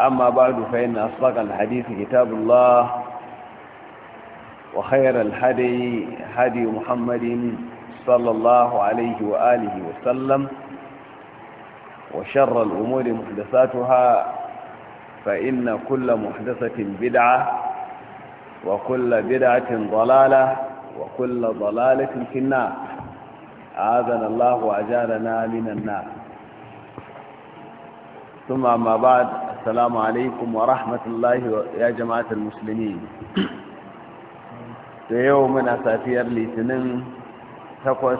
أما بعد فإن أصدق الحديث كتاب الله وخير الهدي هدي محمد صلى الله عليه وآله وسلم وشر الأمور محدثاتها فإن كل محدثة بدعة وكل بدعة ضلالة وكل ضلالة في النار أعاذنا الله وأجالنا من النار ثم ما بعد السلام عليكم ورحمة الله يا جماعة المسلمين يومنا سافير لتنم تقوس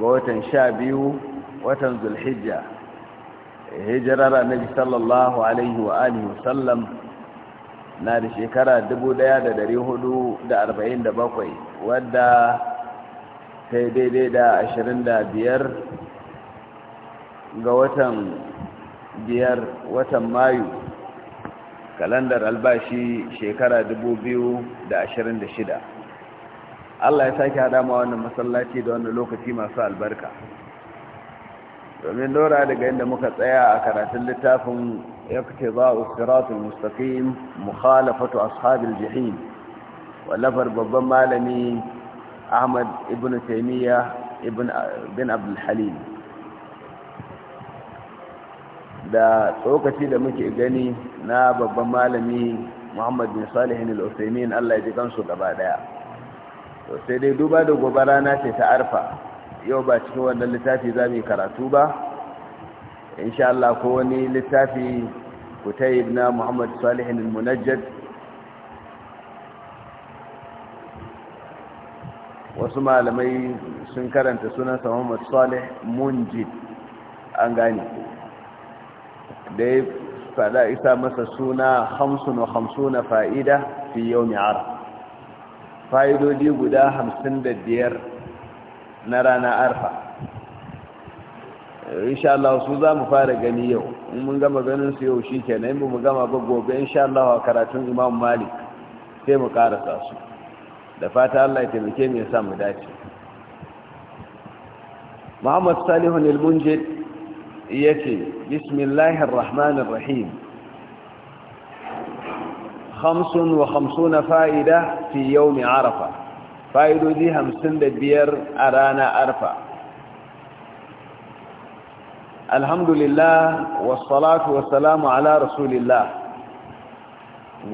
ووتن شابيو وتن ذو الحجة هجرر النبي صلى الله عليه وآله وسلم na da shekara bakwai wadda ta daidai da biyar ga watan biyar watan mayu kalandar albashi shekara da ashirin da shida. Allah ya sake haɗa ma wannan masallaci da wannan lokaci masu albarka domin dora daga inda muka tsaya a karatun littafin ya fice za a usiratul mustaqim mukhalafatu ashabil jihim wallafar babban malami ahmad ibn taimiyya ibn abdulhalim da tsokaci da muke gani na babban malami muhammad bin salihin al'usaimin allah ji kansu gaba daya sai dai duba da gobe rana ce ta arfa yau ba cikin wannan littafi za mu yi karatu ba insha ko wani littafi kutayib na muhammad salihin al-munajjad wasu malamai sun karanta sunansa muhammad salih munjid an gane da ya fada isa masa suna hamsin wa hamsuna fa'ida fi yau mi'ar fa'idodi guda hamsin da biyar na rana arfa insha Allah su za mu fara gani yau in mun gama ganin su yau shi kenan mu mu gama ba gobe insha Allah a karatun imam malik sai mu karasa su da fata Allah ya taimake mai samu sa mu dace Muhammad Salihun nilmunjid ya bismillahir rahmanir rahim hamsin wa hamsuna fa'ida fi yawmi arafa fa'idoji hamsin da biyar a rana arfa alhamdulillah wassalatu wassalamu ala rasulillah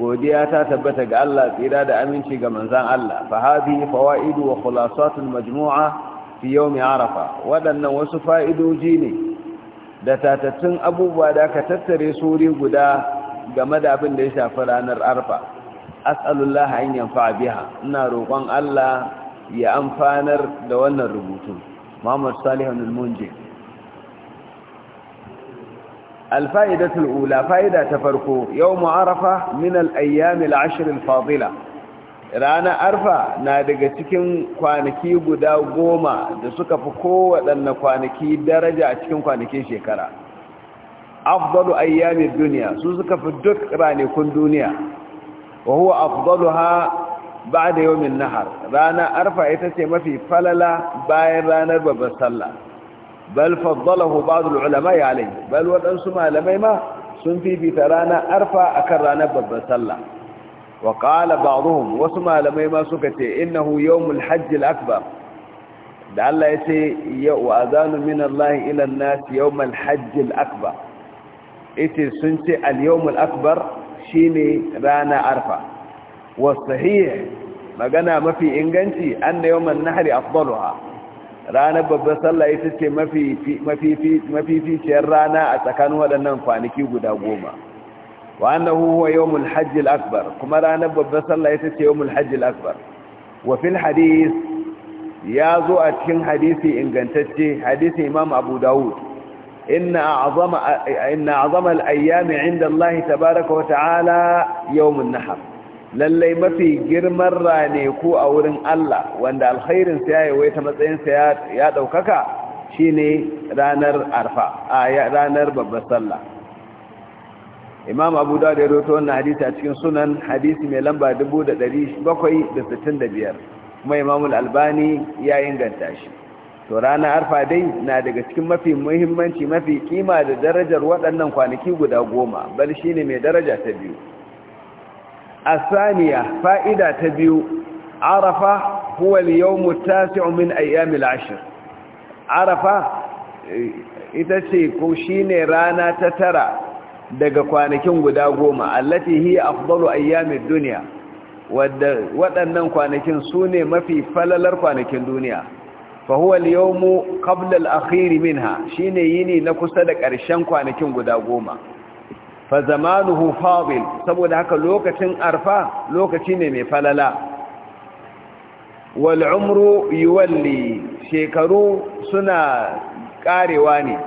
godiya ta tabbata ga Allah tsira da aminci ga manzan Allah fa hadhihi fawaidu wa khulasatul majmu'a fi yawmi arafa wadannan wasu fa'idoji ne da tatattun abubuwa da aka tattare sauri guda game da abin da ya shafi ranar arfa as'alullah an yanfa biha ina roƙon Allah ya amfanar da wannan rubutu Muhammad Salih al-Munji al ula fa'ida ta farko yau arafa min al-ayyam al-ashr al-fadila ranar arfa na daga cikin kwanaki guda goma da suka fi kowaɗanna kwanaki daraja a cikin kwanakin shekara afdalu ayyamin duniya su suka fi duk ranakun duniya wa huwa afdalu ha ba da yawmin nahar ranar arfa ita ce mafi falala bayan ranar babbar sallah bal faddalahu ba'd al-ulama ya alai bal wadansu malamai ma sun fi fifita ranar arfa akan ranar babbar sallah wa qala wasu malamai ma suka ce innahu yawmul hajj akbar da Allah ya ce wa azanu min Allah ila an-nas yawmul akbar Ita sun ce al-yawmul akbar shine rana arfa wa sahih magana mafi inganci anna yawmun nahri afdaluha ranar babbar sallah ita ce mafi rana a tsakanin waɗannan kwanaki guda goma wa annahu huwa yawmul hajj al-akbar kuma ranar babbar sallah ita ce yawmul hajj al-akbar wa fil hadith ya zo a cikin hadisi ingantacce hadisi imam abu da'ud inna a'zama inna a'zama al-ayyam 'inda Allah tabaaraka wa ta'ala yawmun nahar lalle mafi girman rane ko a wurin Allah wanda alkhairin sa yayi wai ta matsayin sa ya daukaka shine ranar arfa a ranar babbar sallah imam abu da ya roto wannan hadisi a cikin sunan hadisi mai lamba 765 kuma imamul albani ya inganta shi to ranar arfa dai na daga cikin mafi muhimmanci mafi kima da darajar waɗannan kwanaki guda goma bal shi ne mai daraja ta biyu a fa'ida ta biyu arafa huwal yau mutasi min ayyamil ashir arafa eh, ita ce ko shi ne rana ta tara daga kwanakin guda goma allati hiya afdalu ayyamid dunya wadda waɗannan kwanakin su ne mafi falalar kwanakin duniya fa huwa al-yawmu qabla al-akhir minha shine yini na kusa da ƙarshen kwanakin guda goma fa zamanuhu fadil saboda haka lokacin arfa lokaci ne mai falala wal umru yuwalli shekaru suna karewa ne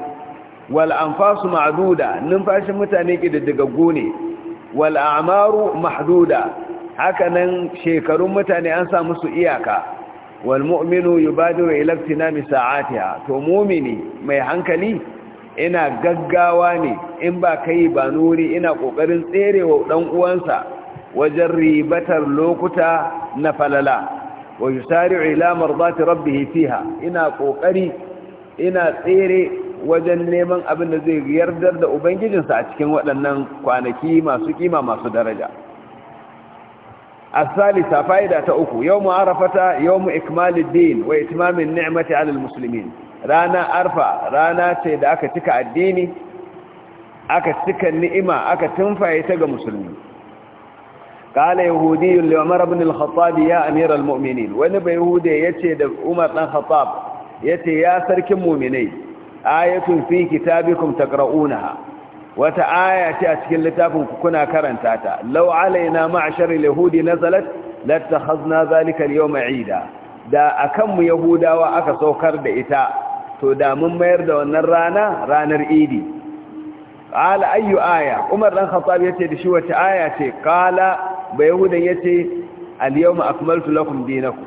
wal anfasu ma'duda numfashin mutane kididdigaggu ne wal a'maru mahduda hakanan shekarun mutane an sa musu iyaka wal mu'minu yubadiru ila iktinami sa'atiha to mu'mini mai hankali ina gaggawa ne in ba kai ba nuri ina ƙoƙarin tserewa ɗan uwansa wajen ribatar lokuta na falala wa yusari'u ila mardati rabbih ina ƙoƙari ina tsere wajen neman abin da zai yardar da ubangijinsa a cikin waɗannan kwanaki masu kima masu daraja asalisa fa'ida ta uku mu arafata yawmu ikmaluddin wa itmamin ni'mati 'alal muslimin rana arfa rana ce da aka cika addini aka cika ni'ima aka tunfaye ta ga musulmi قال ya لعمر al-muminin, wani bai hudu وني بيهودي يتي ده عمر بن الخطاب يتي ya sarkin المؤمنين ayatun fi kitabikum taqra'unaha wata aya ce a cikin littafin ku kuna karanta ta law alaina ma'shar al-yahudi nazalat latakhazna zalika al-yawma 'ida da akan mu yahudawa aka saukar da ita to da mun mayar da wannan rana ranar idi qala ayu aya umar dan khattab yace da shi wata aya ce qala bayahudan yace al-yawma akmaltu lakum dinakum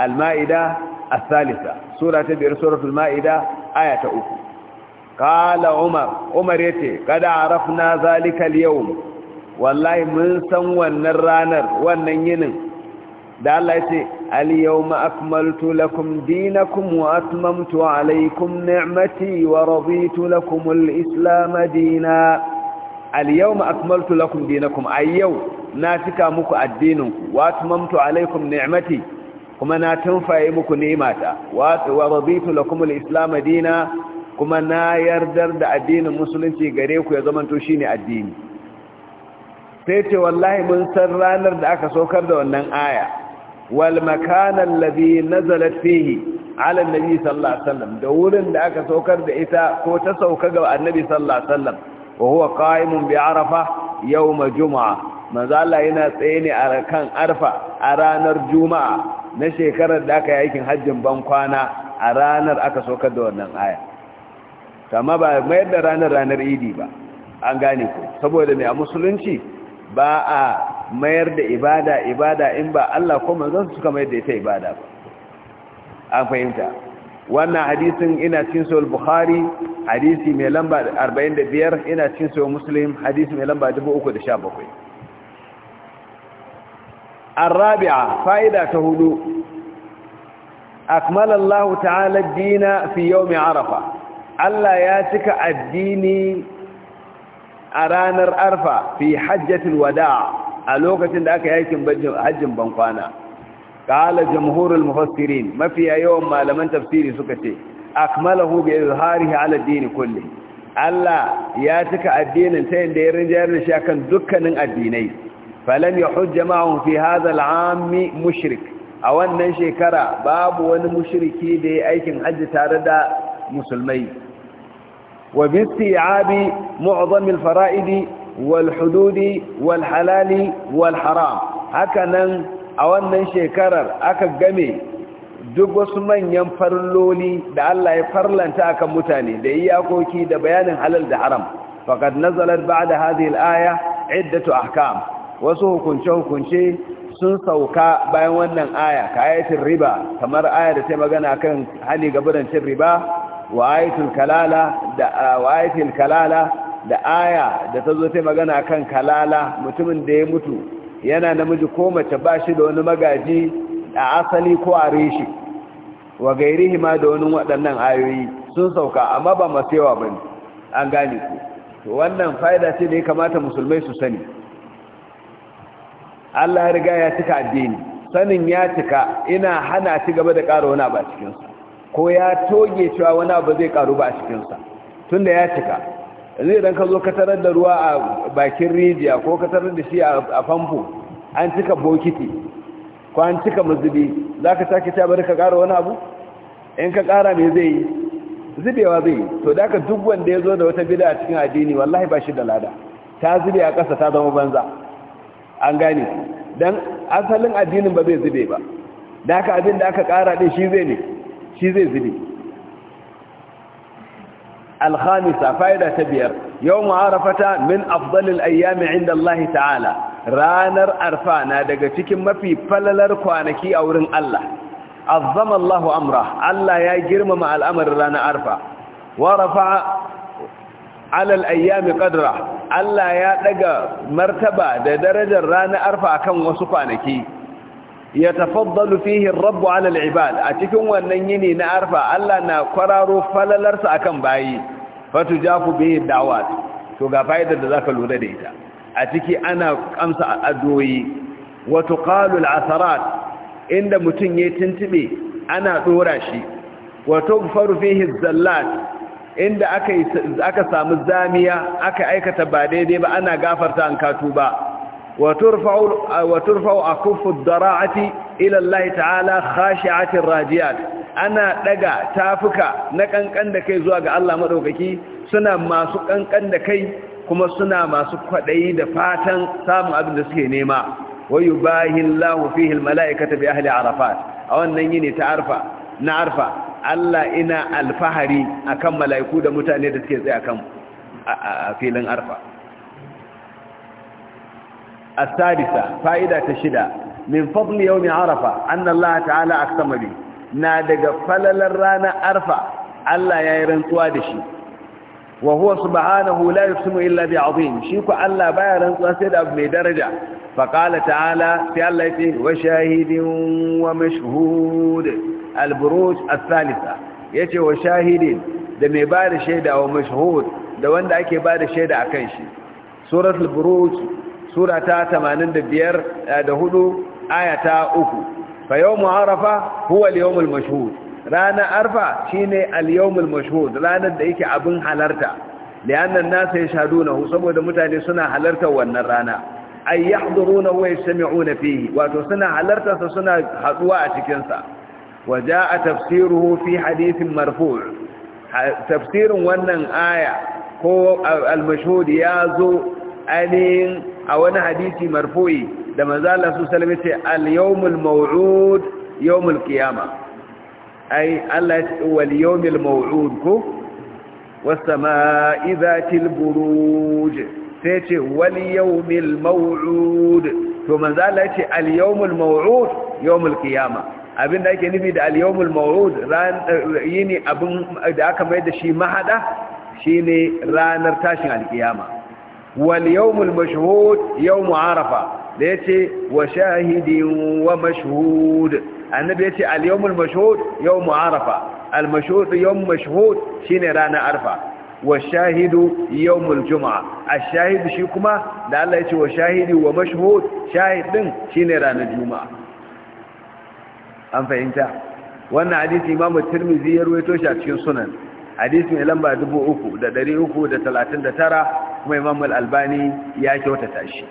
al-ma'ida الثالثة سورة تبير سورة المائدة aya ta uku kala umar umar yace kada arafna zalika al-yawm wallahi mun san wannan ranar wannan yinin da Allah yace al-yawma akmaltu lakum dinakum wa atmamtu alaykum ni'mati wa raditu lakum al-islam dinan al-yawma akmaltu lakum dinakum ayyau na cika muku addininku wa atmamtu alaykum ni'mati kuma na tunfaye muku ni'imata wa wa raditu lakum al-islam dina kuma na yardar da addinin musulunci gare ku ya zamanto shine addini sai ce wallahi mun san ranar da aka saukar da wannan aya wal makana alladhi nazalat fihi ala annabi sallallahu alaihi wasallam da wurin da aka saukar da ita ko ta sauka ga annabi sallallahu alaihi wasallam wa huwa qa'imun bi arafa yawm juma'a manzo Allah yana tsaye ne a kan arfa a ranar juma'a na shekarar da aka yi aikin hajjin ban kwana a ranar aka saukar da wannan aya kama ba mayar da ranar ranar idi ba an gane ku saboda mai a musulunci ba a mayar da ibada ibada in ba Allah ko manzon suka mayar da ita ibada ba an fahimta wannan hadisin ina cin sahih bukhari hadisi mai lamba 45 ina cin sahih muslim hadisi mai lamba 317 Arabi'a fa’ida ta hudu, Akmalallahu ta’ala dina fi yau mai arafa, Allah ya cika addini a ranar arfa fi hajjatul wada’a a lokacin da aka yakin hajjin bankwana. Ƙala jamhurul mufassirin mafiya yawan malaman tafsiri suka ce, Akmalahu bi zuharihi ala dini kulli. Allah ya cika addinin ta yin da ya rinjayar da shi akan dukkanin addinai. falam ya hujja ma'un fi hadha al'ami mushrik a wannan shekara babu wani mushriki da ya aikin hajji tare da musulmai wa bi isti'abi mu'zam al-fara'id wal hudud wal halal wal haram hakanan a wannan shekarar aka game duk wasu manyan farloli da Allah ya farlanta akan mutane da iyakoki da bayanin halal da haram faqad nazalat ba'da hadhihi al-aya iddatu ahkam wasu hukunce-hukunce sun sauka bayan wannan aya ka ayatul riba kamar aya da ta magana kan hali ga barancin riba wa ayatul kalala da wa kalala da aya da ta zo ta magana kan kalala mutumin da ya mutu yana namiji ko mace ba shi da wani magaji a asali ko a reshi wa gairihi ma da wani waɗannan ayoyi sun sauka amma ba masu yawa ba ne an gane ku wannan fa'ida ce da ya kamata musulmai su sani Allah ya riga ya cika addini sanin ya cika ina hana ci gaba da ƙara wani abu a cikinsa ko ya toge cewa wani abu zai ƙaru ba a cikinsa tun da ya cika yanzu idan ka zo ka tarar da ruwa a bakin rijiya ko ka tarar da shi a famfo an cika bokiti ko an cika mazubi za ka sake ta bari ka ƙara wani abu in ka ƙara me zai yi zubewa zai yi to da ka duk wanda ya zo da wata bida a cikin addini wallahi ba shi da lada ta zube a ƙasa ta zama banza an gane don asalin addinin ba zai zube ba da aka abin da aka kara din shi zai ne shi zai zube alhamisa fa'ida ta biyar yau ma'arafata min afdalin ayyami inda Allah ta'ala ranar arfa na daga cikin mafi falalar kwanaki a wurin Allah azzama Allahu amra Allah ya girmama al'amarin ranar arfa wa rafa'a alal ayyami qadra Allah ya daga martaba da darajar ranar arfa akan wasu kwanaki ya tafaddalu fihi ar-rabb ala al-ibad a cikin wannan yini na arfa Allah na kwararo falalarsa akan bayi fatujafu bihi da'wat to ga da zaka lura da ita a ciki ana amsa addu'o'i wa tuqalu al-atharat inda mutun ya tuntube ana dora shi wa tughfaru fihi az-zallat inda aka aka samu zamiya aka aikata ba daidai ba ana gafarta an katu ba wa turfa'u wa turfa'u dara'ati ila Allah ta'ala khashi'atir rajiyat ana daga tafuka na kankan da kai zuwa ga Allah madaukaki suna masu kankan da kai kuma suna masu kwaɗayi da fatan samun abin da suke nema yi Allahu fihi mala'ikata bi ahli arafat a wannan yini ta arfa na arfa Allah ina alfahari akan mala'iku da mutane da suke tsaye akan a filin arfa as-sadisa fa'ida ta shida min fadli yawmi arafa anna Allah ta'ala aqsama na daga falalar ranar arfa Allah yayi rantsuwa da shi wa huwa subhanahu la yusimu illa bi azim shi ku Allah baya rantsuwa sai da abu mai daraja fa qala ta'ala sai Allah wa shahidin wa mashhud al-buruj salisa yace wa shahidin da mai ba da shaida wa mashhud da wanda ake ba da shaida akan shi suratul buruj sura ta 85 da 4 eh, aya 3 fa yawmu arafa huwa al-yawmul ranar arfa shine al-yawmul ranar da yake abin halarta li'annan nasu yashhadunahu saboda mutane suna halartar wannan rana ay yahduruna wa yastami'una fihi wato suna halartarsa suna haduwa a cikin sa وجاء تفسيره في حديث مرفوع تفسير wannan aya ko al-mashhud yazo anin a wani hadisi marfu'i da manzo Allah sallallahu alaihi wasallam yace al-yawmul maw'ud yawmul qiyama ay Allah wal yawmil maw'ud ko was samaa'i dhatil buruj sai ce wal yawmil maw'ud to manzo Allah yace al-yawmul maw'ud yawmul qiyama abin da ake nufi da al-yawmul mawrud eh, yini abin eh, da aka mai da shi mahada shine ranar tashin alkiyama wal yawmul mashhud yawm arafa da yace wa shahidin wa mashhud annabi yace al yawmul mashhud yawm arafa al mashhud yawm mashhud shine ranar arfa wa shahidu yawmul jumaa ash-shahid shi kuma da Allah yace wa shahidi wa mashhud shahidin shine ranar juma'a an fahimta wannan hadisi imamu tirmidhi ya ruwaito shi a cikin sunan hadisi mai lamba 3339 kuma imamu al-albani ya kyautata shi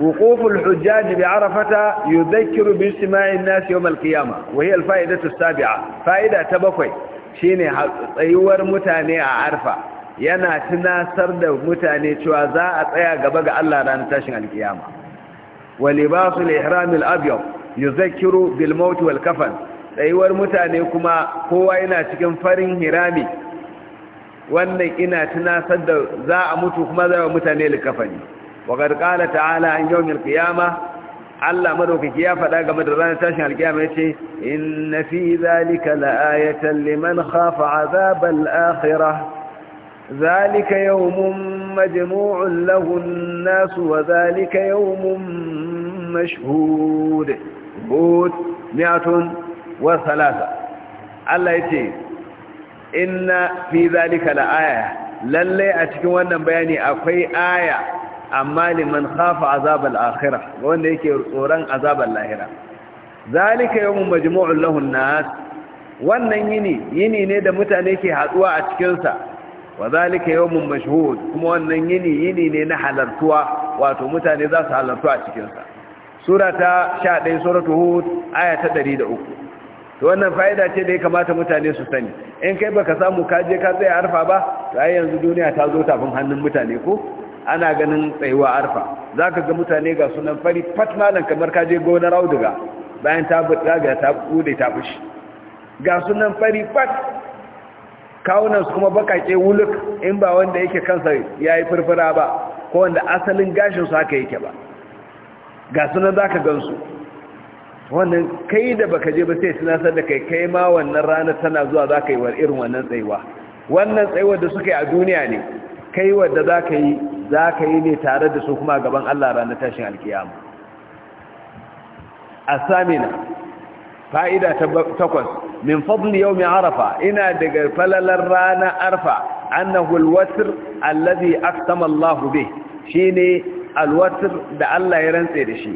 وقوف الحجاج بعرفة يذكر باجتماع الناس يوم القيامة وهي الفائدة السابعة فائدة تبقي شيني tsayuwar mutane a arfa yana tunasar da mutane cewa za a tsaya gaba ga Allah ranar tashin alkiyama wa libasul ihram al-abyad yuzakkiru bil maut tsayuwar mutane kuma kowa yana cikin farin hirami wannan ina tunasar da za a mutu kuma za a mutane likafani wa qala ta'ala an yawmil qiyamah Allah madaukaki ya faɗa game da ranar tashin alkiyama yace inna fi zalika la'ayatan liman khafa azabal akhirah ذلك يوم مجموع له الناس وذلك يوم مشهود بود مئة وثلاثة الله يتي إن في ذلك لآية للي أتكوانا بياني أخي آية أما لمن خاف عذاب الآخرة وأن يكي صوران عذاب اللاهرة ذلك يوم مجموع له الناس wannan yini yini ne da mutane ke haduwa a cikinsa wa zalika yawmun mashhud kuma wannan yini yini ne na halartuwa wato mutane za su halartu a cikin sa sura ta 11 suratu hud aya ta 103 to wannan fa'ida ce da ya kamata mutane su sani in kai baka samu ka je ka tsaya arfa ba to ai yanzu duniya ta zo tafin hannun mutane ko ana ganin tsayuwa arfa zaka ga mutane ga sunan fari fat malam kamar ka gonar auduga bayan ta buɗa ga ta bude ta fushi ga sunan fari fat Kawunan su kuma bakake wuluk in ba wanda yake kansa ya yi firfira ba ko wanda asalin gashinsu haka yake ba ga suna za ka gansu wannan kai da baka je ba sai suna da kai kai ma wannan rana tana zuwa za ka yi wa irin wannan tsayuwa wannan tsayuwar da suka yi a duniya ne kai wadda za ka yi za ka yi ne tare da su kuma gaban allah ranar tashin alkiyama a samina fa'ida takwas min fadli mai arafa ina daga falalar rana arfa annahu alwatr alladhi aqsama Allah bih shine alwatr da Allah ya rantse da shi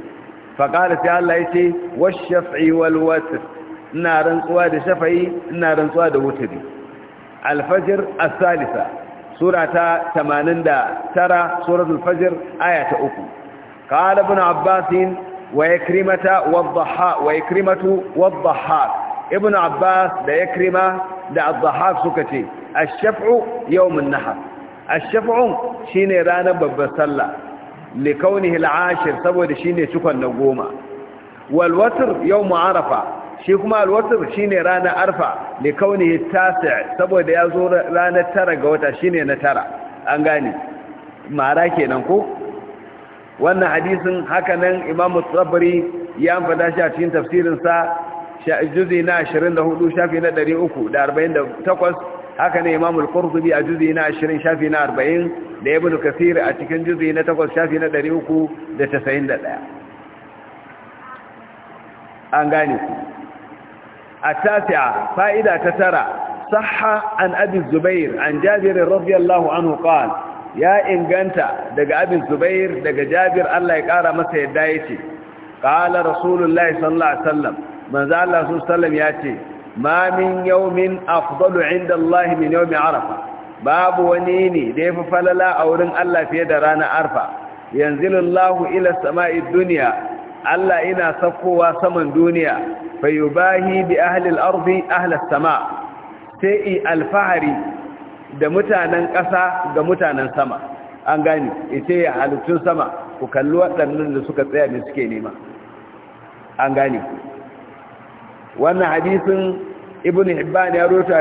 fa qala sai Allah yace wash-shaf'i wal ina rantsuwa da shafayi, ina rantsuwa da huturi. al-fajr as-salisa sura ta 89 suratul fajr aya ta 3 qala ibn abbasin wa yakrimata wadh wa ibn abbas da yakrima da adh suka ce ash yau yawm an-nahar ash ranar babbar sallah li kaunihi saboda shi ne cikon na goma wal yau mu'arafa, arafa shi kuma al shi ne ranar arfa li kaunihi at-tasi' saboda yazo ranar tara ga wata shine na tara an gane mara kenan ko wannan hadisin hakanan imam tsabari ya fada shi a cikin tafsirinsa juzi na 24 shafi na 348 haka ne imam al-qurtubi a juzi na 20 shafi na 40 da ibn kasir a cikin juzi na 8 shafi na 391 an gane ku a tasi'a fa'ida ta tara صح عن أبي الزبير عن جابر رضي الله عنه قال ya inganta daga abin zubair daga jabir Allah ya kara masa yadda ya ce ƙala rasulullahi sallallahu alaihi wasallam manzo Allah sallallahu ya ce ma min yawmin afdalu inda Allah min yawmi arafa babu wani ne da yafi falala a wurin Allah fiye da ranar arfa yanzilullahu ila sama'i dunya Allah ina sakkowa saman duniya fayubahi bi ahli al-ardi ahli as-sama' sai alfahari da mutanen ƙasa ga mutanen sama an gani ita ya halittun sama ku kalli waɗannan da suka tsaya da suke nema an gani wannan hadisin ibn hibban ya roto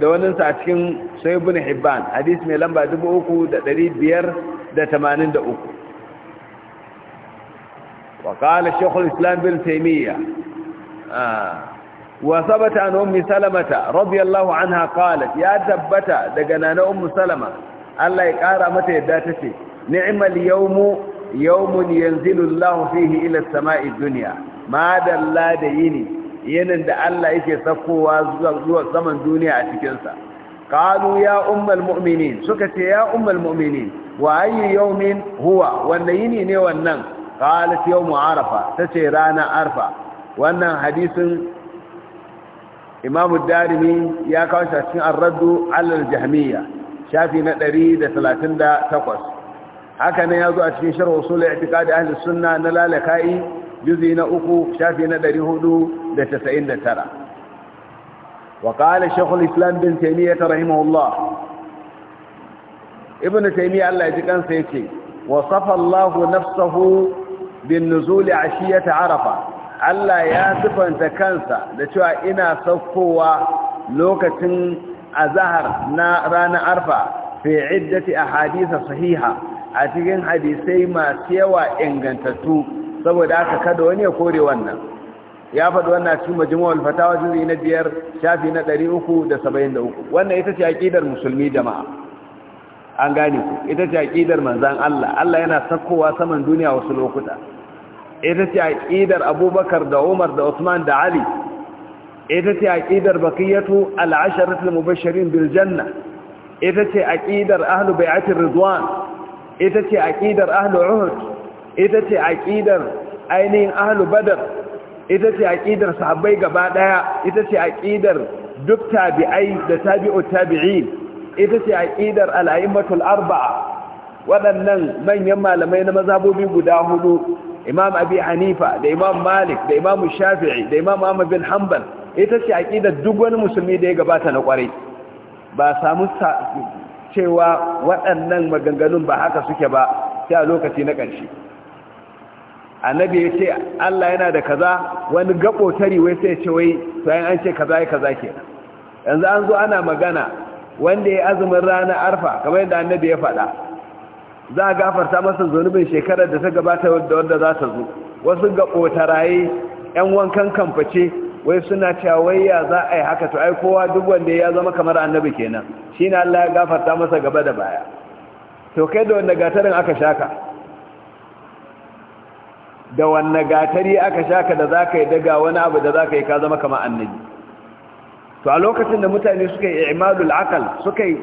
da wani sa cikin sai ibn hibban hadis mai lamba 3583 wa qala shaykh al-islam bin taymiya ah وثبت عن أم سلمة رضي الله عنها قالت يا تبتا دقنانا أم سلمة الله يقارى متى يداتتي نعم اليوم يوم ينزل الله فيه إلى السماء الدنيا ما دلا ديني ينند الله يكي سقوا وزوى زمن دنيا أتكنسا قالوا يا أم المؤمنين سكت يا أم المؤمنين وأي يوم هو والليني نيوى النم قالت يوم عرفة تشيرانا عرفة وأن حديث imamu darimi ya kawo shafin a cikin arraddu alal jahmiya shafi na 138 haka nan ya zo a cikin sharh usul i'tiqad ahli suna na lalaka'i juzi na uku shafi na 499 wa qala shaykh islam bin taymiyyah rahimahullah ibn taymiyyah Allah ya ji kansa yake wasafa Allah nafsuhu bin nuzul ashiyata arafa Allah ya sifanta kansa da cewa ina saukowa lokacin azahar na ranar arfa fi iddati hadisa sahiha a cikin hadisai masu yawa ingantattu saboda aka kada wani ya kore wannan ya faɗi wannan cikin majmu'ul fatawa juzi na biyar shafi na 373 wannan ita ce aqidar musulmi jama'a an gane ku ita ce aqidar manzon Allah Allah yana sakkowa saman duniya wasu lokuta ita ce aƙidar abubakar da umar da usman da ali ita ce aƙidar bakiyatu al'asharatul mubashirin bil janna ita ce aƙidar ahlu bai'atir Rizwan. ita ce aƙidar ahlu uhud ita ce aƙidar ainihin ahlu badar ita ce aƙidar sahabbai gaba ɗaya ita ce aƙidar duk tabi'ai da tabi'ut tabi'in ita ce aƙidar al'aimatul arba'a waɗannan manyan malamai na mazabobi guda hudu imam abi hanifa da imam malik da imam shafi'i da imam ahmad bin hanbal ita ce aqidar duk wani musulmi da ya gabata na kwarai ba samu cewa waɗannan maganganun ba haka suke ba sai a lokaci na ƙarshe annabi ya ce Allah yana da kaza wani gabo tari wai sai ce wai to an ce kaza ya kaza ke. yanzu an zo ana magana wanda ya azumin rana arfa kamar yadda annabi ya faɗa za a gafarta masa zunubin shekarar da ta gabata da wanda za ta zo wasu ga ƙotaraye 'yan wankan kamface wai suna cawayya za a yi haka to ai kowa duk wanda ya zama kamar annabi kenan shi na Allah ya gafarta masa gaba da baya to kai da wanda gatarin aka shaka da wanda gatari aka shaka da za ka yi daga wani abu da za ka yi ka zama kamar annabi to a lokacin da mutane suka yi imadul akal suka yi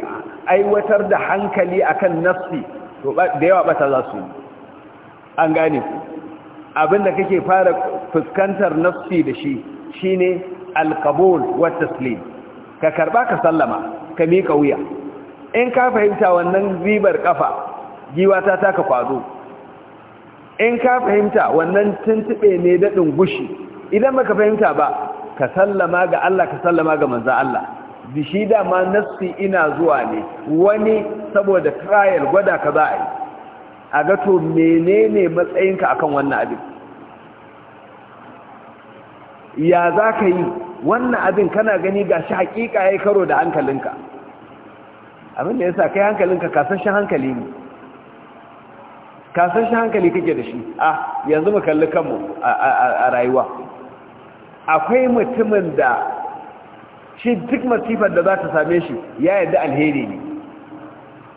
aiwatar da hankali akan nafsi to da yawa bata za su yi an gane ku abinda kake fara fuskantar nafsi da shi shine alqabul wa taslim ka karba ka sallama ka mika wuya in ka fahimta wannan zibar kafa giwa ta ka kwazo in ka fahimta wannan tuntube ne dadin gushi idan baka fahimta ba ka sallama ga Allah ka sallama ga manzo Allah da shi dama nassi ina zuwa ne wani saboda trial gwada ka za a yi a ga to menene matsayinka akan wannan abin ya za ka yi wannan abin kana gani ga shi hakika ya yi karo da hankalinka abin da ya sa kai hankalinka kasashen hankali ne kasashen hankali kake da shi a yanzu mu kalli kanmu a rayuwa akwai mutumin da shi duk masifar da za ta same shi ya yadda alheri ne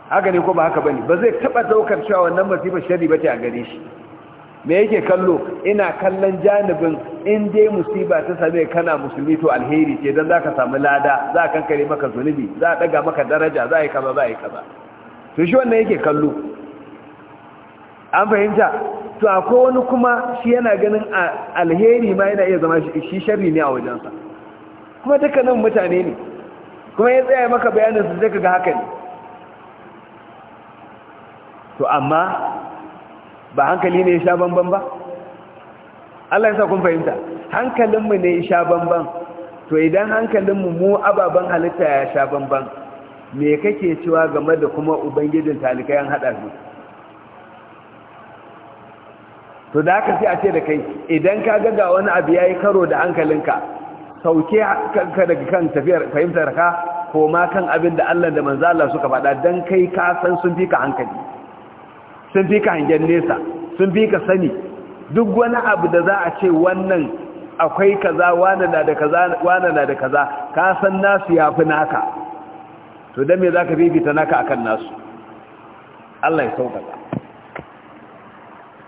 haka ne ko ba haka bane ba zai taba daukar cewa wannan masifar shari bace a gare shi me yake kallo ina kallon janibin in dai musiba ta same kana musulmi to alheri ce dan zaka samu lada za ka kankare maka zunubi za a daga maka daraja za a yi kaza za a yi kaza to shi wannan yake kallo an fahimta to akwai wani kuma shi yana ganin alheri ma yana iya zama shi shari ne a wajensa kuma nan mutane ne kuma ya tsaya maka bayanin su zai ga haka ne to amma ba hankali ne ya sha banban ba Allah ya sa kun fahimta hankalinmu ne ya sha banban to idan hankalinmu mu ababen halitta ya sha banban me kake cewa game da kuma ubangijin talikai an haɗa to da haka sai a ce da kai idan ka ga wani abu ya yi karo da hankalinka sauke kanka daga kan tafiyar fahimtar ka ko ma kan abin da Allah da manzo Allah suka faɗa dan kai ka san sun fi hankali sun fi hangen nesa sun fi sani duk wani abu da za a ce wannan akwai kaza wani na da kaza wani na da kaza ka san nasu yafi naka to dan me zaka bibita naka akan nasu Allah ya sauƙaƙa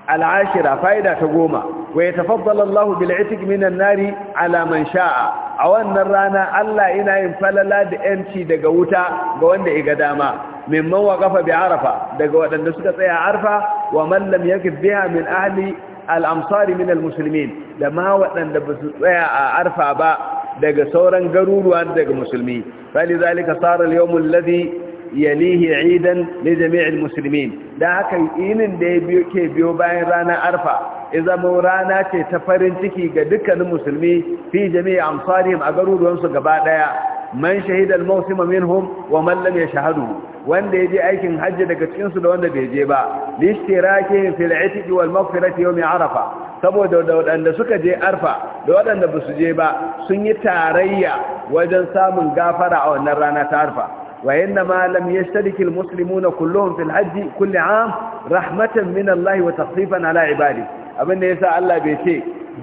al'ashira fa'ida ta goma wa ya tafaddala Allah minan nari ala sha'a a wannan rana Allah ina yin falala da yanci daga wuta ga wanda ya ga dama mimman waqafa bi arafa daga waɗanda suka tsaya arfa wa Mallam lam yakif biha min ahli al-amsar min al-muslimin da ma waɗanda ba su tsaya a arfa ba daga sauran garuruwa daga musulmi fali zalika sara al-yawm alladhi yalihi idan li jami'il muslimin da haka inin da ya biyo ke biyo bayan ranar arfa ya rana ce ta farin ciki ga dukkanin musulmi fi jami'i amsarihim a garuruwansu gaba daya man shahidal mawsim wa man lam yashhadu wanda yaje aikin hajji daga cikin su da wanda bai je ba lishtiraki fil itiq wal maghfirati yawm arafa saboda da wadanda suka je arfa da wadanda basu je ba sun yi tarayya wajen samun gafara a wannan rana ta arfa وإنما لم يشترك المسلمون كلهم في الحج كل عام رحمة من الله وتصريفا على عباده abin da ya sa Allah bai ce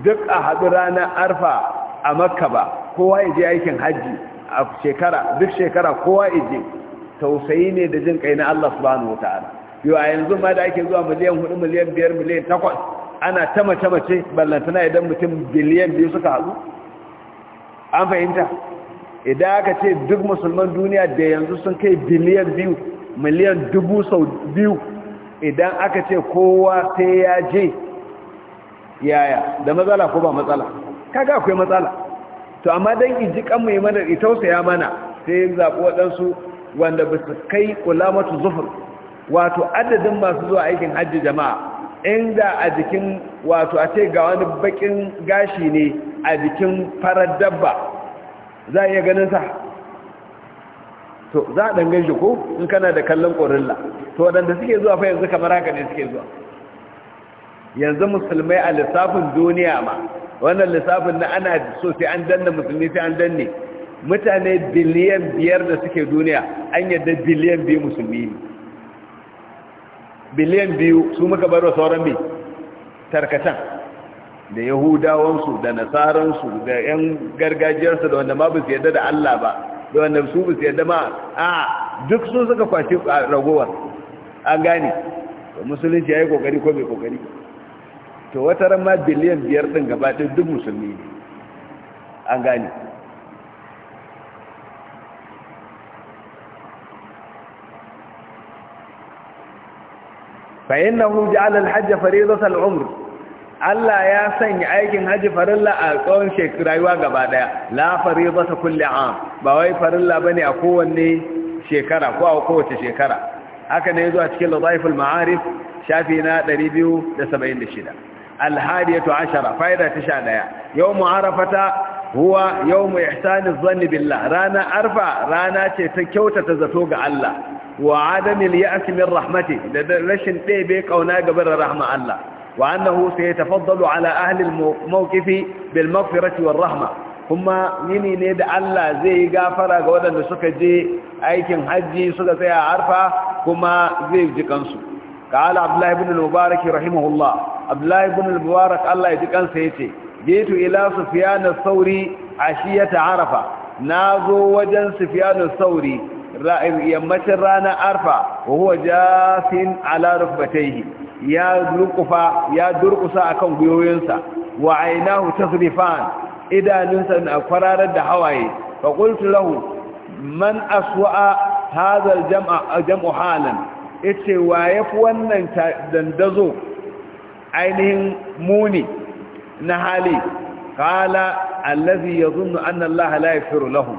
duk a haɗu ranar arfa a makka ba kowa ije aikin hajji a shekara duk shekara kowa ije tausayi ne da jin kai na Allah subhanahu wataala yau a yanzu ma da ake zuwa miliyan 4 miliyan 5 miliyan 8 ana ta mace mace ballantana idan mutum biliyan biyu suka haɗu an fahimta idan aka ce duk musulman duniya da yanzu sun kai biliyan biyu miliyan dubu sau biyu idan aka ce kowa sai ya je yaya da matsala ko ba matsala kaga akwai matsala to amma don iji kan mai mana ya mana sai zaɓi waɗansu wanda ba su kai ƙulamatu zufar. wato adadin masu zuwa aikin hajji jama'a inda a jikin wato a ce ga wani bakin gashi ne a jikin farar dabba za a iya ganin sa to za a dangan shi ko in kana da kallon korilla to waɗanda suke zuwa fa yanzu kamar haka ne suke zuwa yanzu musulmai a lissafin duniya ma wannan lissafin na ana so sai an danna musulmi sai an danne mutane biliyan biyar da suke duniya an yadda biliyan biyu musulmi ne biliyan biyu su muka bar wa sauran bi tarkatan da yahudawansu da nasaransu da 'yan gargajiyarsu da wanda ma ba su yadda da Allah ba da wanda su ba su yadda ma a duk sun suka kwace ragowar an gane to musulunci ya yi kokari ko mai kokari to wata ran ma biliyan biyar ɗin gaba duk musulmi ne an gane فإنه جعل الحج فريضة العمر Allah ya sanya aikin haji farilla a tsawon shekaru rayuwa gaba daya la ta kulli am ba wai farilla bane a kowanne shekara ko a kowace shekara haka ne yazo a cikin ladaiful ma'arif shafi na 276 alhadiyatu ashara faida ta 11 yawmu arafata huwa yawmu ihsaniz zanni billah rana arfa rana ce ta kyautata zato ga Allah wa adamil ya'si min rahmati da rashin ɗebe kauna gaba da rahma Allah وأنه سيتفضل على أهل الموقف بالمغفرة rahma kuma yini ne da Allah zai yi gafara ga waɗanda suka je aikin hajji suka saya harfa kuma zai ji kansu kala abdullahi ibn al-mubarak rahimahullah abdullahi ibn al-mubarak Allah ya ji kansa yace jitu ila sufyan as-sauri ashiyata arafa nazo wajen sufyan sauri yammacin ranar arfa wa huwa jasin ala rukbatayhi ya lukufa ya durkusa akan guyoyinsa wa ainahu tasrifan idanunsa na kwararar da hawaye fa qultu lahu man aswa hadha aljam'a halan ite waye yafi wannan dandazo ainihin muni na hali qala allazi yadhunnu anna allaha la yaghfiru lahu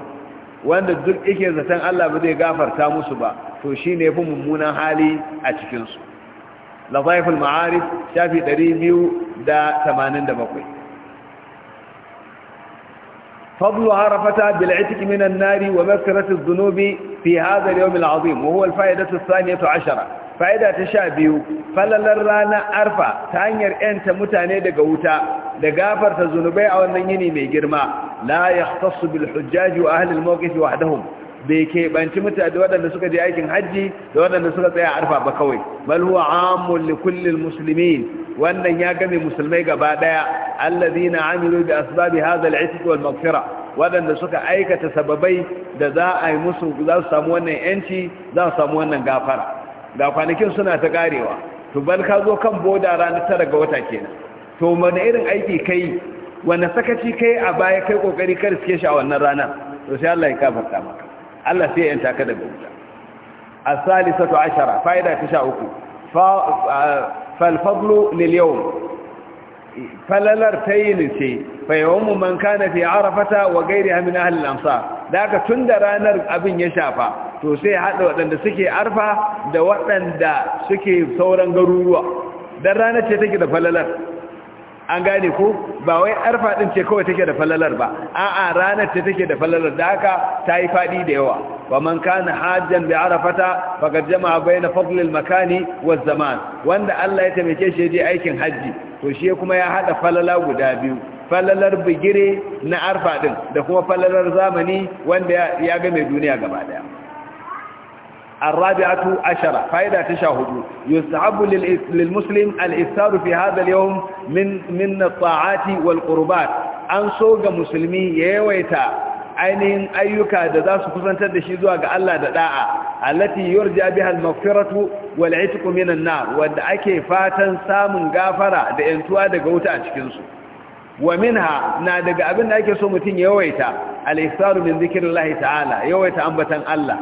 wanda duk yake zaton Allah ba zai gafarta musu ba to shine yafi mummunan hali a cikin su lazaiful ma'arif shafi ɗari biyu 287 fadlu arafata bil itiq min an-nari wa makrat adh-dhunubi fi hadha al-yawm al-'azim wa huwa al ta ath-thaniyah 10 fa'ida tashabiu falalar rana arfa ta hanyar yanta mutane daga wuta da gafarta zunubai a wannan yini mai girma la yahtassu bil hujjaj a ahli al-mawqif wahdahum bai keɓanci mutane waɗanda suka je aikin hajji da waɗanda suka tsaya arfa ba kawai bal huwa amul li kullil muslimin wannan ya game musulmai gaba daya alladhina amilu bi asbabi hadha al-itq wal maghfira waɗanda suka aikata sababai da za a yi musu za su samu wannan yanci za su samu wannan gafara ga kwanakin suna ta karewa to bal ka zo kan boda ranar tara ga wata kenan to wani irin aiki kai wani sakaci kai a baya kai kokari kar suke shi a wannan ranar to sai Allah ya kafarta maka Allah sai yanta ka daga wuta as-salisatu ashara fa'ida ta 13 fal fadlu lil yawm falalar tayin ce fa yawm man kana fi arafata wa ghayriha min ahli al ansar daga da ranar abin ya shafa to sai hada waɗanda suke arfa da waɗanda suke sauran garuruwa dan ranar ce take da falalar an gane ko ba wai arfa din ce kawai take da falalar ba a'a ranar ce take da falalar da haka ta yi fadi da yawa wa man kana hajjan bi arafata faqad jama'a bayna fadl al makani wa zaman wanda Allah ya taimake shi je aikin haji to shi kuma ya hada falala guda biyu falalar bigire na arfa din da kuma falalar zamani wanda ya ga mai duniya gaba daya Faida الرابعة عشرة فائدة تشاهد يستحب للمسلم fi في هذا اليوم من من الطاعات والقربات أن musulmi ya yawaita ainihin ayyuka da za su kusantar da shi zuwa ga Allah da da'a allati yurja biha al-maghfiratu wal 'itqu minan nar wanda ake fatan samun gafara da yantuwa daga wuta a cikinsu. Waminha na daga abin da ake so mutum ya yawaita al min zikrillahi ta'ala yawaita ambatan Allah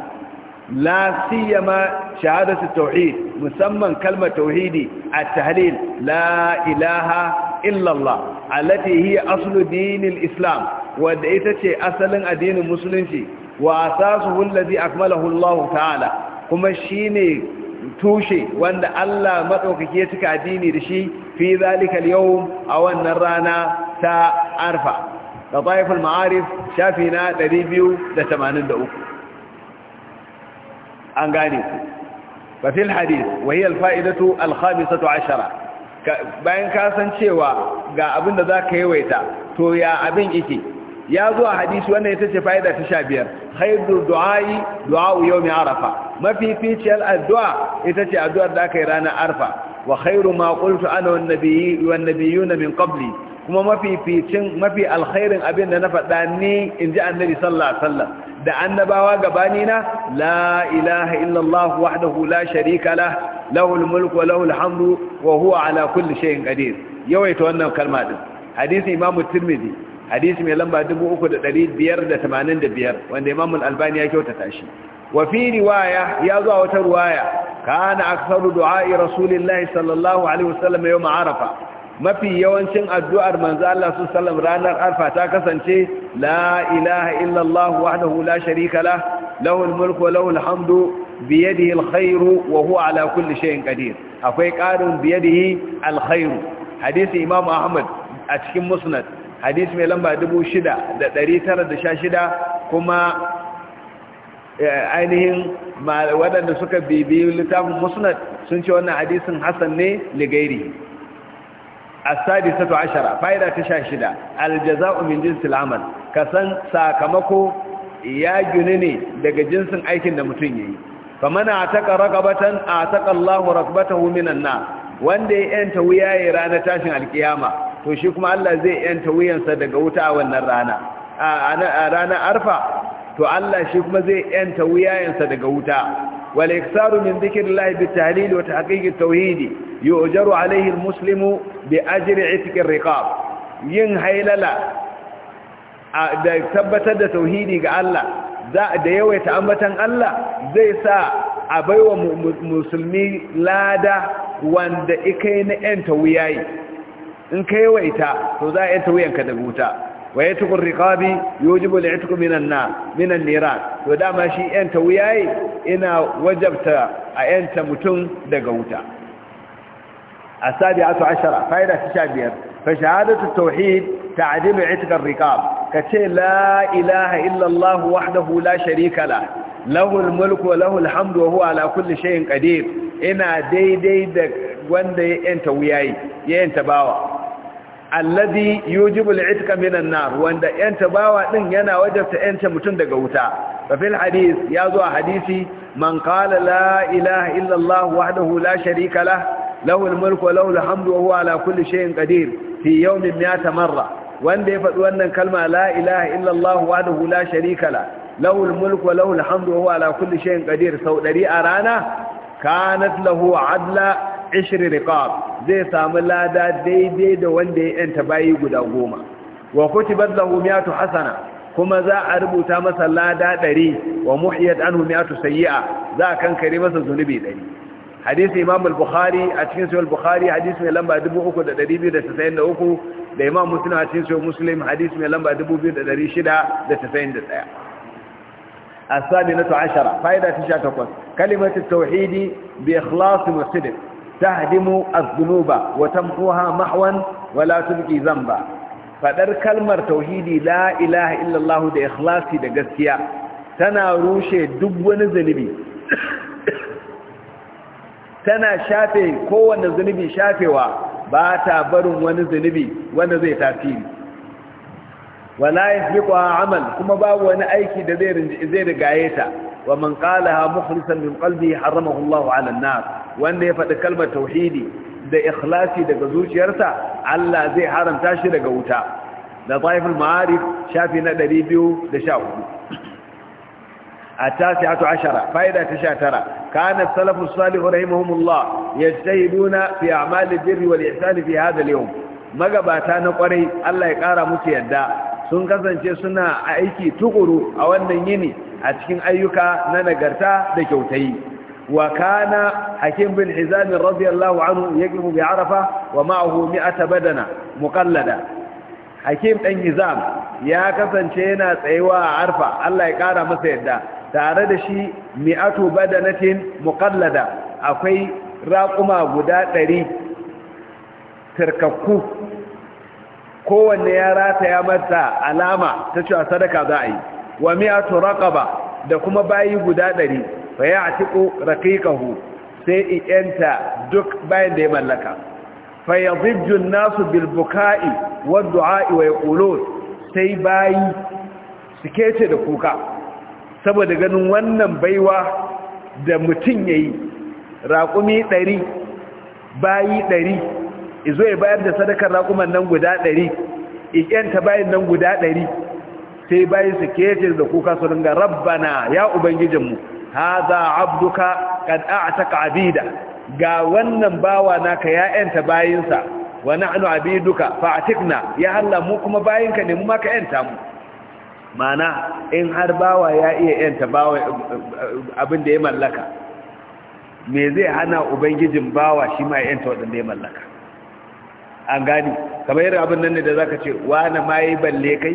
la siyama shahadatu tauhid musamman kalmar tauhidi at-tahlil la ilaha illallah Allah allati hiya aslu dinil islam wadda ita ce asalin addinin musulunci wa asasuhu allazi akmalahu Allah ta'ala kuma shine tushe wanda Allah madaukake ya cika addini da shi fi zalika yawm a wannan rana ta arfa da ta'iful ma'arif shafi na 283 an gane ku fa fil fa'idatu al ashara bayan ka san cewa ga abin da zaka yawaita to ya abin yake ya zo a hadisi wannan ita ce fa'ida ta 15 khairu du'ai du'a'u yawmi arafa mafificiyar addu'a ita ce addu'ar da aka yi ranar arfa wa khairu ma qultu ana wan nabiyyi wan nabiyyuna min qabli kuma mafificin mafi alkhairin abin da na faɗa ni inji annabi sallallahu alaihi wasallam da annabawa gabanina la ilaha illallah wahdahu la sharika lah lahul mulku wa lahul hamdu wa huwa ala kulli shay'in qadir yawaita wannan kalma din hadisi imam tirmidhi hadisi mai lamba 3585 wanda imam al-albani ya kyautata shi wa fi riwaya ya zo wata riwaya kana aktharu du'a rasulillahi sallallahu alaihi wasallam yawm arafa mafi yawancin addu'ar manzo Allah su ranar arfa ta kasance la ilaha illallah wahdahu la sharika lah lahul mulku lahul hamdu biyadihi alkhairu wa huwa ala kulli shay'in qadir akwai qarin biyadihi alkhairu hadisi imam ahmad a cikin musnad hadisi mai lamba 6916 kuma eh, ainihin waɗanda suka bibiyi littafin musnad sun ce wannan hadisin hasan ne ligairi السادسة عشرة فائدة تشاشدة الجزاء من جنس العمل كسن ساكمكو يا جنني دق جنس أيكن دمتيني فمن اعتق رقبة اعتق الله رقبته من na, wanda ya yanta wuya ya tashin alkiyama to shi kuma Allah zai yanta wuyansa daga wuta a wannan rana a ranar arfa to Allah shi kuma zai yanta wuyayensa daga wuta min والإكثار من ذكر wa بالتهليل ta'uhidi, التوحيد يؤجر عليه المسلم بأجر عتق الرقاب Yin هيللا da tabbatar da tauhidi ga Allah da yawaita ambatan Allah zai sa a baiwa musulmi lada wanda ikai na 'yan tawiyayi in ka yawaita to za a 'yan tawiyanka da wuta wa ya tukun riƙabi wujibu li'itku minan na minan niran to dama shi yanta wuyaye ina wajabta a yanta mutum daga wuta asabi'atu ashara fa'ida ta sha biyar fa shahadatu tauhid ta'dilu itqar ka kace la ilaha illa allah wahdahu la sharika la lahu almulku wa alhamdu wa huwa ala kulli shay'in qadir ina daidai da wanda ya yanta wuyaye ya yanta bawa alladhi yujibu al-itqa minan nar wanda yanta bawa din yana wajabta yanta mutum daga wuta fa fil hadith ya zo a hadisi man qala la ilaha illa allah wahdahu la sharika lah lahu al-mulku wa lahu al-hamdu wa huwa ala kulli shay'in qadir fi yawmin 100 marra wanda ya faɗi wannan kalma la ilaha illa allah wahdahu la sharika lah lahu al-mulku wa lahu al-hamdu wa huwa ala kulli shay'in qadir sau 100 a rana kanat lahu adla ishri riqab zai samu lada daidai da wanda ya yanta bayi guda goma wa kutibat lahu mi'atu hasana kuma za a rubuta masa lada 100 wa muhiyat anhu mi'atu sayyi'a za a kankare masa zunubi 100 hadisi imam al-bukhari a cikin sahih al-bukhari hadisi mai lamba 3293 da imam muslim a cikin sahih muslim hadisi mai lamba 2691 الثامنة عشرة فائدة تشاتكوز كلمة التوحيد بإخلاص وصدق تهدم الذنوب وتمحوها محوا ولا تبقي ذنبا فدر كلمة توحيدي لا إله إلا الله دي إخلاصي دي قسكيا تنا روشي دب ونزنبي tana shafe kowanne zunubi shafewa ba ta barin wani zunubi wanda zai tasiri wala ya fi amal kuma babu wani aiki da zai rigaye ta wa man kala ha mukhlisan min qalbi haramahu Allah ala wanda ya faɗi kalmar tauhidi da ikhlasi daga zuciyarsa Allah zai haramta shi daga wuta da Bible Ma'arif shafi na 214 a tasi'atu 10 fa'ida ta 19 kana salafu salihu rahimahumullah yajtahiduna fi a'mali birri wal ihsan fi hadha al-yawm magabata na kwarai Allah ya kara musu yadda sun kasance suna aiki tukuru a wannan yini a cikin ayyuka na nagarta da kyautayi wa kana hakim bin hizam radiyallahu anhu yaqimu bi arafa wa ma'ahu mi'ata badana muqallada hakim dan hizam ya kasance yana tsayewa a arfa Allah ya kara masa yadda tare da shi mi'atu badanatin muqallada akwai raƙuma guda ɗari tirkakku kowanne ya rata ya mata alama ta cewa sadaka za a yi wa mi'atu raqaba da kuma bayi guda ɗari fa ya'tiqu raqiqahu sai iyanta duk bayan da ya mallaka fa yadhibju an-nasu bil buka'i wa du'a'i wa yaqulun sai bayi suke ce da kuka saboda ganin wannan baiwa da mutum yayi raƙumi ɗari bayi ɗari izo ya bayar da sadakar raƙuman nan guda ɗari ikyanta bayan nan guda ɗari sai bayan su kece da kuka su ringa rabbana ya ubangijinmu ha za abduka kan a ta abida ga wannan bawa naka ya'yanta yanta bayinsa wa na'nu abiduka fa'atikna ya halla mu kuma bayinka ne mu maka yanta mu mana in har bawa ya iya yanta bawa abin da ya mallaka me zai hana ubangijin bawa shi ma yanta wadanda ya mallaka an gani kamar yadda abin nan ne da zaka ce wane ma yi balle kai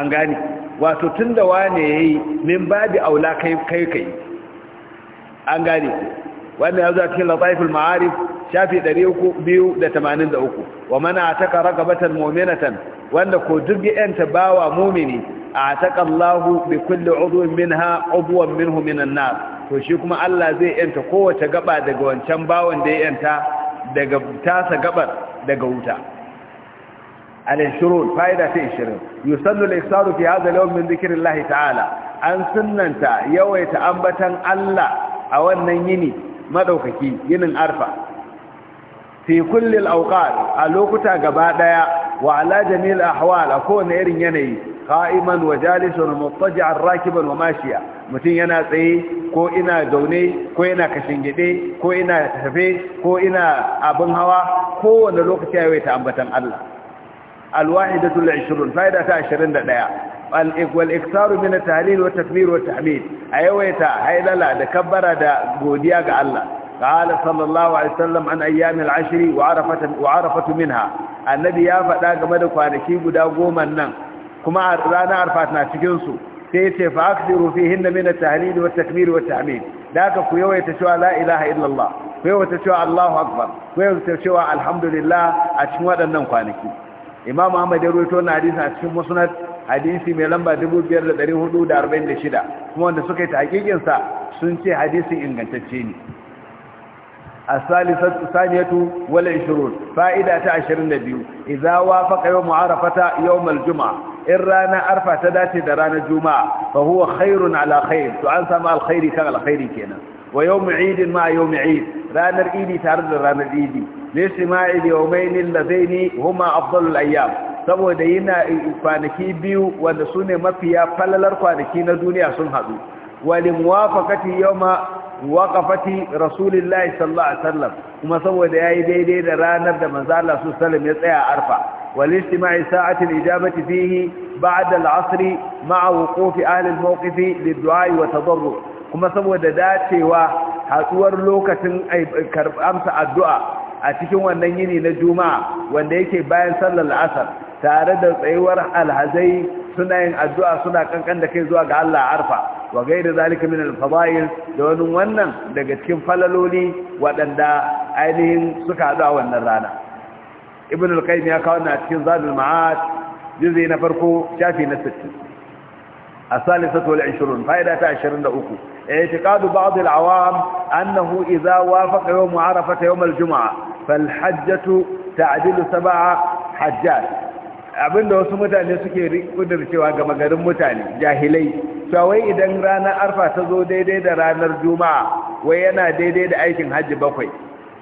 an gani. wato tun da wane ya yi min babi aula kai kai kai an gani. wannan ya zuwa cikin lataiful ma'arif shafi 283 wa mana ataka ragabatan mu'minatan wanda ko duk yanta bawa mu'mini ataka Allahu bi kulli udwin minha udwan minhu minan nar to shi kuma Allah zai yanta kowace gaba daga wancan bawan da ya yanta daga tasa gabar daga wuta al-shurun fa'ida ta 20 yusallu al-iksaru fi hadha al-yawm min dhikrillahi ta'ala an sunnanta yawaita ambatan Allah a wannan yini madaukaki yinin arfa fi kulli al-awqat a lokuta gaba daya wa ala jami'il ahwal a kowane irin yanayi qa'iman wa jalisan muttaji'an rakiban wa mashiya mutum yana tsaye ko ina zaune ko kashin gyaɗe, ko ina tafe ko ina abin hawa kowane lokaci ya ta ambatan Allah alwahidatul 20 fa'ida ta 21 wal'iktaru mina talil wa takbir wa tahmid a yawaita hailala da kabbara da godiya ga Allah قال sallallahu alaihi عليه an عن al العشر وعرفت وعرفت منها النبي minha annabi ya faɗa game da kwanaki guda goma nan kuma ranar arfat na cikin su sai ce fa aksiru fihinna min at-tahlil wa at-takbir wa at-ta'mid da aka ku yawaita cewa la ilaha illallah ku yawaita cewa Allahu akbar ku yawaita cewa alhamdulillah a cikin waɗannan kwanaki Imam Ahmad ya rawaito wannan hadisi a cikin Musnad hadisi mai lamba 5446 kuma wanda suka yi tahqiqin sa sun ce hadisin ingantacce ne A الثالثة الثانية والعشرون فائدة عشرين نبيو إذا وافق يوم عرفة يوم الجمعة in rana arfa ta dace da ranar juma'a fa huwa khairun ala khair to an samu alkhairi kan alkhairi kenan wa yawm eid ma yawm eid ranar idi tare da ranar idi lisma'i yawmayn alladaini huma afdalul ayyam saboda yana eh, kwanaki biyu wanda sune mafiya falalar kwanaki na duniya sun haɗu walimwafakati yawma waqafati rasulillahi sallallahu alaihi wasallam kuma saboda yayi daidai da ranar da manzo Allah su sallam ya tsaya arfa walistima'i sa'atil ijabati fihi ba'da al'asr ma'a wuquf ahli al-mawqifi lid'a wa tadarru kuma saboda dacewa hatsuwar lokacin karbamsa addu'a a cikin wannan yini na juma'a wanda yake bayan sallar asar tare da tsayuwar alhazai suna yin addu'a suna kankan da kai zuwa ga Allah a arfa wa gaida zalika min al-fadail da wani wannan daga cikin falaloli waɗanda ainihin suka haɗu a wannan rana ibn al-qayyim ya kawo na cikin zadul ma'ad juz'i na farko shafi na 60 as-salisatu wal 20 fa'ida ta 23 i'tiqadu ba'd al-awam annahu idha wafaqa yawm arafah yawm al-jum'ah fal-hajjatu ta'dilu sab'a hajjat abinda wasu mutane suke cewa ga magarin mutane jahilai wai idan ranar arfa ta zo daidai da ranar juma'a wai yana daidai da aikin hajji bakwai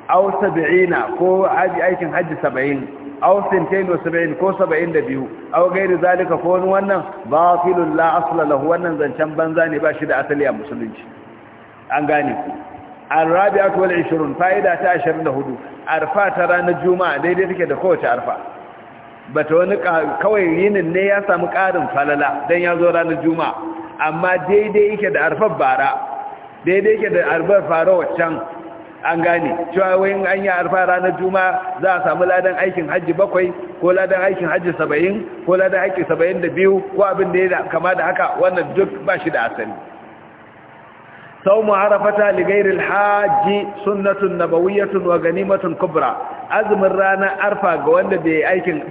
au saba'ina ko aikin hajji saba'in au sintain wa saba'in ko saba'in da biyu au gairi zalika ko wani wannan ba filin la'asula lahu wannan zancen banza ne ba shi da asali a musulunci an gane ku arabiya tuwal 20 fa'ida ta 24 arfa ta ranar juma'a daidai take da kowace arfa ba ta wani kawai yinin ne ya samu ƙarin falala don ya zo ranar juma amma daidai yake da arfar bara daidai yake da arfar fara waccan an gane cewa wayin an yi arfa ranar juma za a samu ladan aikin hajji bakwai ko ladan aikin hajji saba'in ko ladan aikin saba'in da biyu ko abin da ya kama da haka wannan duk ba shi da asali صوم عرفة لغير الحاج سنة نبوية وغنيمة كبرى أزم الرانا أرفع قوانا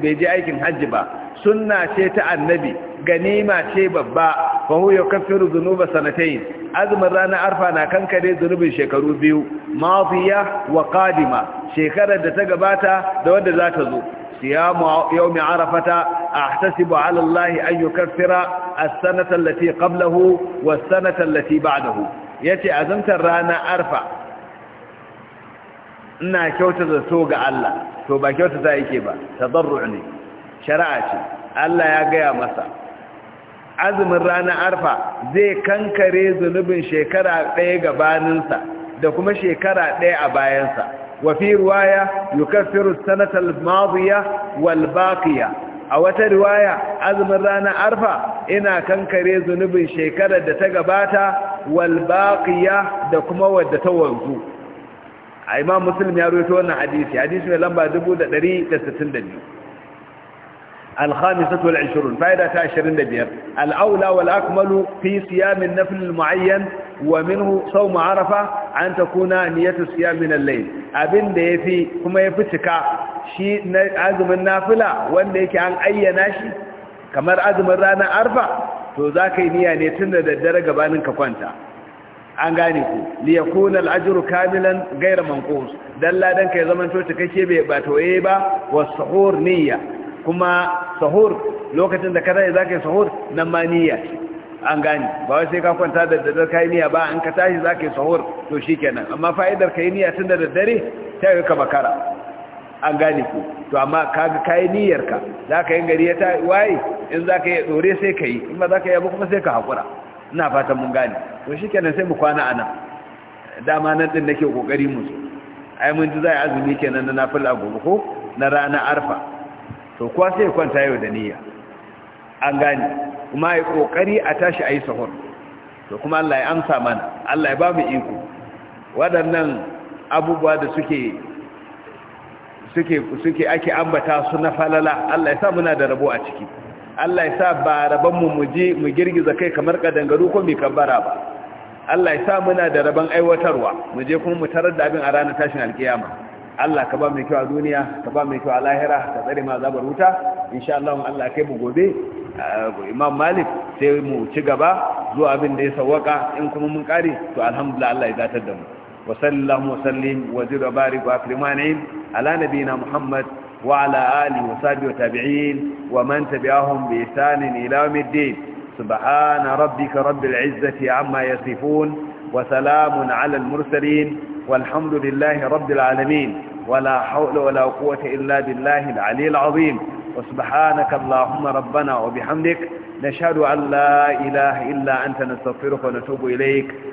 بيجي أيكن حجبا سنة شيء النبي ganima ce babba fa huwa yukaffiru dhunuba sanatayn azumin ranar arfa na kankare zunubin shekaru biyu madiya wa qadima shekarar da ta gabata da wanda za ta zo siyamu yawmi arafata ahtasibu ala allahi an yukaffira as-sanata allati qablahu was-sanata allati ya ce azumtar ranar arfa ina kyauta da so ga Allah to ba kyauta za yake ba tadarru ne shari'a ce Allah ya gaya masa azumin ranar arfa zai kankare zunubin shekara ɗaya gabaninsa da kuma shekara ɗaya a bayansa wafi ruwaya yukaffiru sanatal madiya wal baqiya a wata riwaya azumin ranar arfa ina kankare zunubin shekarar da ta gabata wal da kuma wadda ta wanzu a imam muslim ya rawaito wannan hadisi hadisi mai lamba 1162 الخامسة والعشرون فائدة عشرين دبير الأولى wa في sau النفل an ta kuna عرفة أن تكون نية الصيام ya fi kuma ya fi cika. shi na azumin nafila wanda yake an ayyana shi kamar azumin ranar arfa to za ka yi niyya ne tun da daddare gabanin ka kwanta an gane ku liya kuna al'ajiru kamilan gaira mankos don ladan ka ya zama coci cikakke bai ba waye ba wa sahur niyya kuma sahur lokacin da ka zai za ka yi sahur nan ma niyya an gane ba wasu sai ka kwanta da daddare ka yi niyya ba an ka tashi za ka yi sahur to shi kenan amma fa'idar ka yi niyya tun da daddare ta yi ka makara an gane ku to amma kaga niyyar niyyarka za ka yi gari ya ta waye in za ka yi dore sai ka yi in ba za ka yi abu kuma sai ka haƙura ina fatan mun gane to shikenan sai mu kwana a nan dama nan ɗin nake ƙoƙari mu so ai mun ji za a azumi kenan na nafila gobe ko na rana arfa to kuwa sai kwanta yau da niyya an gane kuma yi ƙoƙari a tashi a yi sahur to kuma Allah ya amsa mana Allah ya ba mu iko waɗannan abubuwa da suke suke suke ake ambata su na falala Allah ya sa muna da rabo a ciki Allah ya sa ba raban mu muje mu girgiza kai kamar kadangaru ko mai kabbara ba Allah ya sa muna da raban aiwatarwa mu je kuma mu tarar da abin a ranar tashin alkiyama Allah ka ba mu kyau a duniya ka ba mu kyau a lahira ka tsare ma zabar wuta insha Allah Allah kai mu gobe eh, Imam Malik sai mu ci gaba zuwa abin da ya sawaka in kuma mun kare to alhamdulillah Allah ya zatar da mu وسلم وسلم وزيد وبارك وأكرم وأنعم على نبينا محمد وعلى آله وصحبه وتابعين ومن تبعهم بإحسان إلى يوم الدين سبحان ربك رب العزة عما يصفون وسلام على المرسلين والحمد لله رب العالمين ولا حول ولا قوة إلا بالله العلي العظيم وسبحانك اللهم ربنا وبحمدك نشهد أن لا إله إلا أنت نستغفرك ونتوب إليك